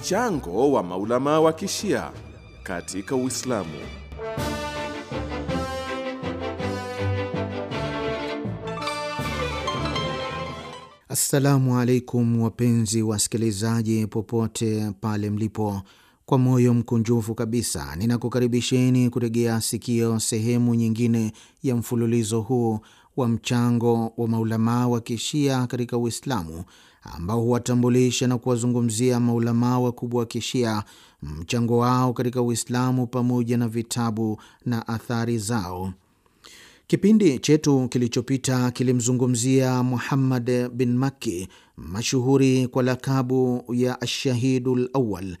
Mchango wa maulama wa kishia katika Uislamu. Assalamu alaikum wapenzi wasikilizaji, popote pale mlipo, kwa moyo mkunjufu kabisa ninakukaribisheni kuregea sikio sehemu nyingine ya mfululizo huu wa mchango wa maulamaa wa kishia katika Uislamu ambao huwatambulisha na kuwazungumzia maulamaa wakubwa wa Kishia, mchango wao katika Uislamu pamoja na vitabu na athari zao. Kipindi chetu kilichopita kilimzungumzia Muhammad bin Makki, mashuhuri kwa lakabu ya Ashahidu Lawal,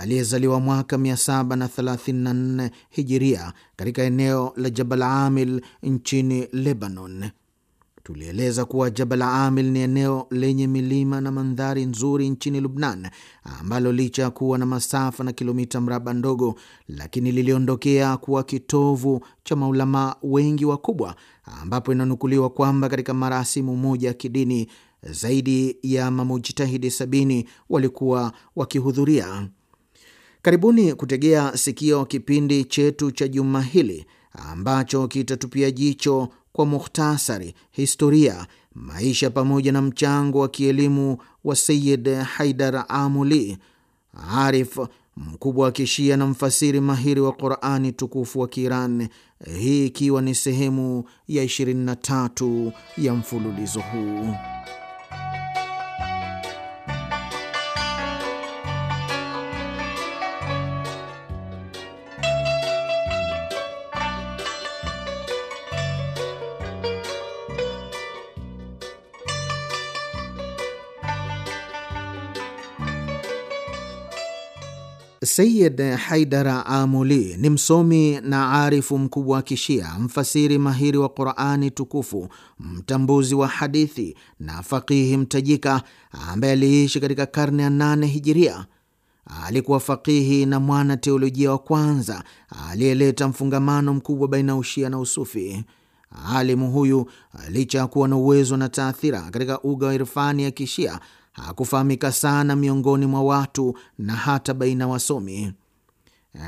aliyezaliwa mwaka 734 Hijiria katika eneo la Jabal Amil nchini Lebanon tulieleza kuwa Jabal Amil ni eneo lenye milima na mandhari nzuri nchini Lubnan, ambalo licha ya kuwa na masafa na kilomita mraba ndogo, lakini liliondokea kuwa kitovu cha maulamaa wengi wakubwa, ambapo inanukuliwa kwamba katika marasimu moja ya kidini zaidi ya mamujtahidi sabini walikuwa wakihudhuria. Karibuni kutegea sikio kipindi chetu cha juma hili ambacho kitatupia jicho kwa mukhtasari historia, maisha pamoja na mchango wa kielimu wa Sayid Haidar Amuli, arif mkubwa wa Kishia na mfasiri mahiri wa Qurani tukufu wa Kiiran, hii ikiwa ni sehemu ya 23 ya mfululizo huu. Sayid Haidara Amuli ni msomi na arifu mkubwa wa Kishia, mfasiri mahiri wa Qurani Tukufu, mtambuzi wa hadithi na faqihi mtajika ambaye aliishi katika karne ya nane hijiria. Alikuwa faqihi na mwana teolojia wa kwanza aliyeleta mfungamano mkubwa baina ya ushia na usufi. Alimu huyu licha ya kuwa na uwezo na taathira katika uga wa irfani ya Kishia hakufahamika sana miongoni mwa watu na hata baina wasomi.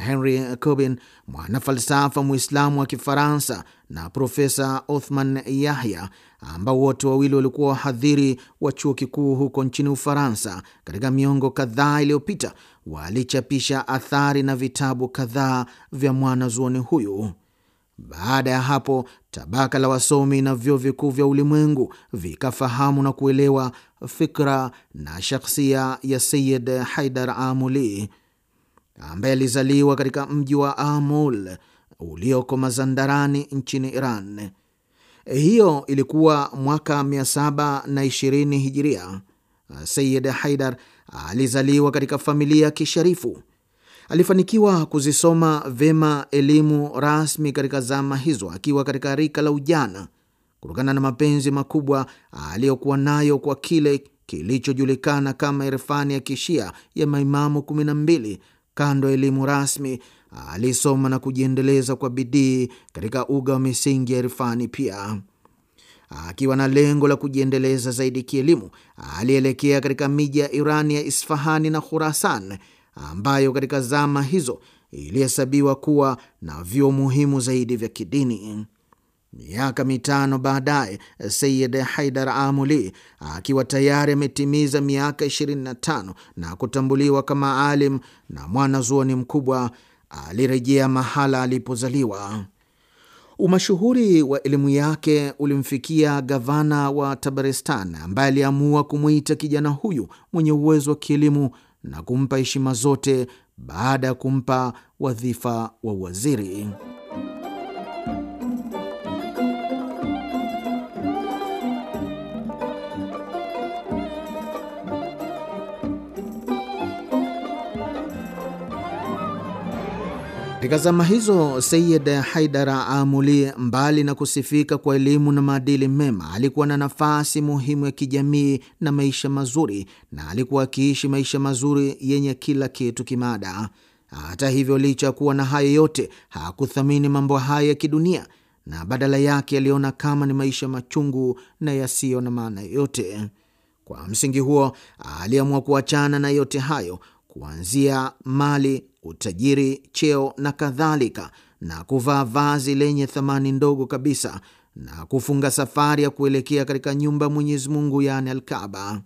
Henry Corbin, mwanafalsafa Mwislamu wa Kifaransa, na Profesa Othman Yahya, ambao wote wawili walikuwa wahadhiri wa chuo kikuu huko nchini Ufaransa, katika miongo kadhaa iliyopita walichapisha athari na vitabu kadhaa vya mwanazuoni huyu. Baada ya hapo tabaka la wasomi na vyuo vikuu vya ulimwengu vikafahamu na kuelewa fikra na shakhsia ya Sayid Haidar Amuli ambaye alizaliwa katika mji wa Amul ulioko Mazandarani nchini Iran. Hiyo ilikuwa mwaka 720 Hijiria. Sayid Haidar alizaliwa katika familia ya kisharifu. Alifanikiwa kuzisoma vyema elimu rasmi katika zama hizo akiwa katika rika la ujana, kutokana na mapenzi makubwa aliyokuwa nayo kwa kile kilichojulikana kama irfani ya kishia ya maimamu kumi na mbili. Kando ya elimu rasmi, alisoma na kujiendeleza kwa bidii katika uga wa misingi ya irfani pia. Akiwa na lengo la kujiendeleza zaidi kielimu, alielekea katika miji ya Irani ya Isfahani na Khurasan ambayo katika zama hizo ilihesabiwa kuwa na vyuo muhimu zaidi vya kidini. Miaka mitano baadaye, Sayid Haidar Amuli akiwa tayari ametimiza miaka 25 na kutambuliwa kama alim na mwanazuoni mkubwa, alirejea mahala alipozaliwa. Umashuhuri wa elimu yake ulimfikia gavana wa Tabaristan ambaye aliamua kumwita kijana huyu mwenye uwezo wa kielimu na kumpa heshima zote baada ya kumpa wadhifa wa uwaziri. Katika zama hizo Sayid haidar Amuli, mbali na kusifika kwa elimu na maadili mema, alikuwa na nafasi muhimu ya kijamii na maisha mazuri, na alikuwa akiishi maisha mazuri yenye kila kitu kimaada. Hata hivyo, licha ya kuwa na hayo yote, hakuthamini mambo haya ya kidunia, na badala yake aliona kama ni maisha machungu na yasiyo na maana yoyote. Kwa msingi huo, aliamua kuachana na yote hayo kuanzia mali, utajiri, cheo na kadhalika, na kuvaa vazi lenye thamani ndogo kabisa na kufunga safari ya kuelekea katika nyumba mwenyezimungu Mwenyezi Mungu, yaani Alkaba.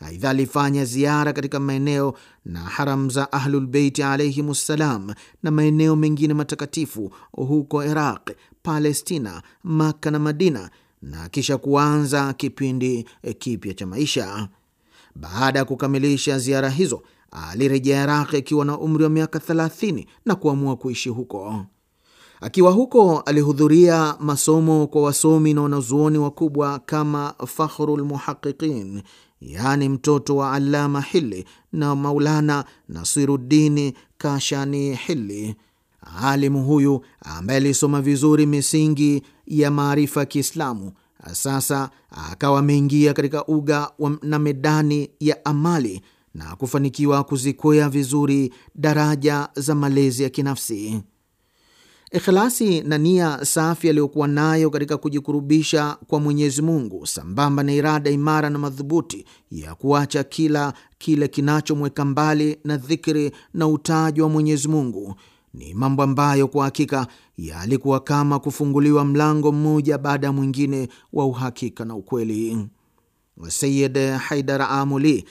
Aidha, alifanya ziara katika maeneo na haram za Ahlulbeiti ssalam na maeneo mengine matakatifu huko Iraq, Palestina, Makka na Madina, na kisha kuanza kipindi kipya cha maisha. Baada ya kukamilisha ziara hizo, alirejea Iraq akiwa na umri wa miaka 30 na kuamua kuishi huko. Akiwa huko alihudhuria masomo kwa wasomi na wanazuoni wakubwa kama Fakhrul Muhaqiqin, yaani mtoto wa Allama Hili na Maulana nasirudini Kashani Hili. Alimu huyu ambaye alisoma vizuri misingi ya maarifa ya Kiislamu sasa akawa ameingia katika uga na medani ya amali na kufanikiwa kuzikwea vizuri daraja za malezi ya kinafsi. Ikhlasi na nia safi aliyokuwa nayo katika kujikurubisha kwa Mwenyezi Mungu, sambamba na irada imara na madhubuti ya kuacha kila kile kinachomweka mbali na dhikri na utajwa wa Mwenyezi Mungu ni mambo ambayo kwa hakika yalikuwa kama kufunguliwa mlango mmoja baada ya mwingine wa uhakika na ukweli. Sayid Haidar Amuli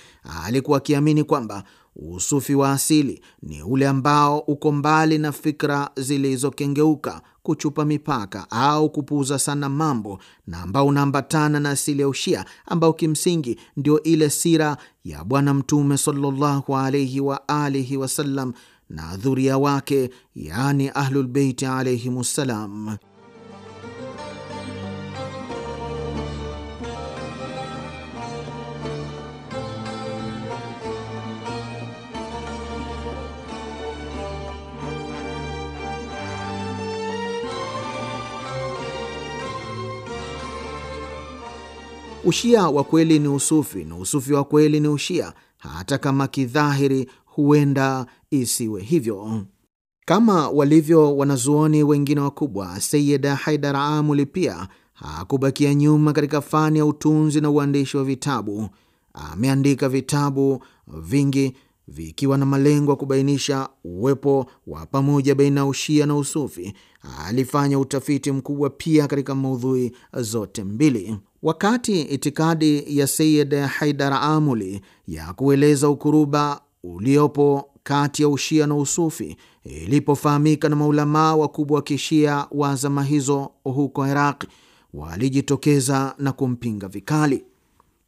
alikuwa akiamini kwamba usufi wa asili ni ule ambao uko mbali na fikra zilizokengeuka, kuchupa mipaka au kupuuza sana mambo, na ambao unaambatana na asili ya Ushia, ambao kimsingi ndio ile sira ya Bwana Mtume sallallahu alaihi wa alihi wasallam na dhuria wake, yaani Ahlulbeiti alaihim ssalam. Ushia wa kweli ni usufi na usufi wa kweli ni ushia, hata kama kidhahiri huenda isiwe hivyo. Kama walivyo wanazuoni wengine wakubwa, Sayida Haidar Amuli pia hakubakia nyuma katika fani ya utunzi na uandishi wa vitabu. Ameandika vitabu vingi vikiwa na malengo ya kubainisha uwepo wa pamoja baina ya ushia na usufi. Alifanya utafiti mkubwa pia katika maudhui zote mbili. Wakati itikadi ya Sayid Haidar Amuli ya kueleza ukuruba uliopo kati ya ushia na usufi ilipofahamika na maulamaa wakubwa wa kishia wa zama hizo huko Iraq, walijitokeza na kumpinga vikali.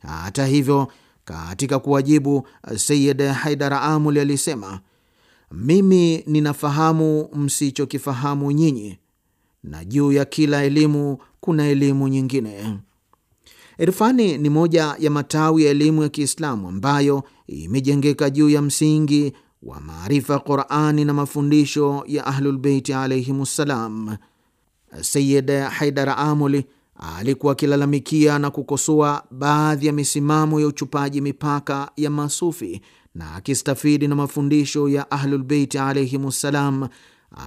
Hata hivyo katika kuwajibu, eh, Sayid Haidar Amuli alisema, mimi ninafahamu msichokifahamu nyinyi, na juu ya kila elimu kuna elimu nyingine. Irfani ni moja ya matawi ya elimu ya Kiislamu ambayo imejengeka juu ya msingi wa maarifa ya Qurani na mafundisho ya Ahlulbeiti alaihim ssalam. Sayid Haidar Amuli alikuwa akilalamikia na kukosoa baadhi ya misimamo ya uchupaji mipaka ya masufi na akistafidi na mafundisho ya Ahlulbeiti alaihimussalam,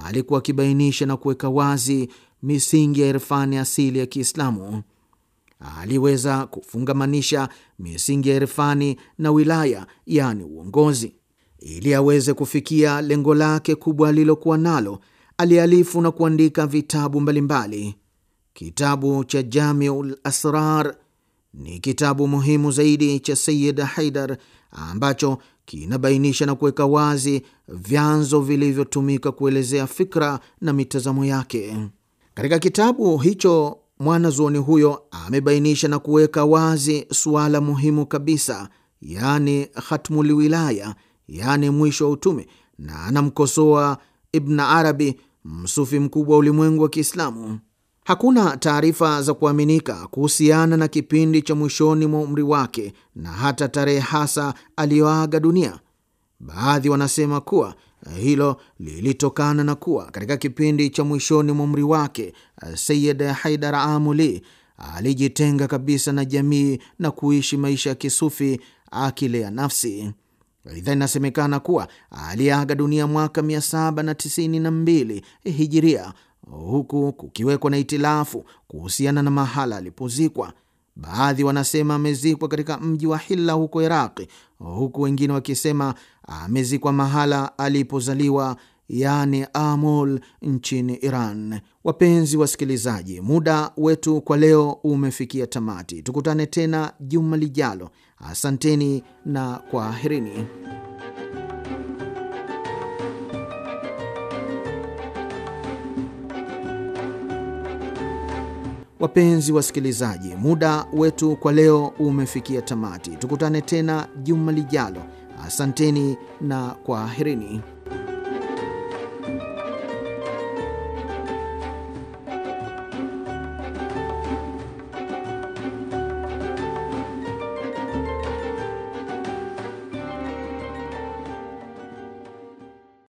alikuwa akibainisha na kuweka wazi misingi ya irfani asili ya Kiislamu. Aliweza kufungamanisha misingi ya irfani na wilaya, yaani uongozi, ili aweze kufikia lengo lake kubwa alilokuwa nalo. Alialifu na kuandika vitabu mbalimbali. Kitabu cha Jamiul Asrar ni kitabu muhimu zaidi cha Sayid Haidar ambacho kinabainisha na kuweka wazi vyanzo vilivyotumika kuelezea fikra na mitazamo yake. Katika kitabu hicho mwanazuoni huyo amebainisha na kuweka wazi suala muhimu kabisa, yaani khatmulwilaya, yaani mwisho wa utume, na anamkosoa Ibn Arabi, msufi mkubwa wa ulimwengu wa Kiislamu. Hakuna taarifa za kuaminika kuhusiana na kipindi cha mwishoni mwa umri wake na hata tarehe hasa aliyoaga dunia. Baadhi wanasema kuwa hilo lilitokana na kuwa katika kipindi cha mwishoni mwa umri wake Sayid Haidar Amuli alijitenga kabisa na jamii na kuishi maisha ya kisufi akilea nafsi. Aidha, inasemekana kuwa aliaga dunia mwaka 792 hijiria huku kukiwekwa na itilafu kuhusiana na mahala alipozikwa. Baadhi wanasema amezikwa katika mji wa Hilla huko Iraqi, huku wengine wakisema amezikwa mahala alipozaliwa yani Amol nchini Iran. Wapenzi wasikilizaji, muda wetu kwa leo umefikia tamati. Tukutane tena juma lijalo. Asanteni na kwaherini. Wapenzi wasikilizaji, muda wetu kwa leo umefikia tamati. Tukutane tena juma lijalo. Asanteni na kwaherini.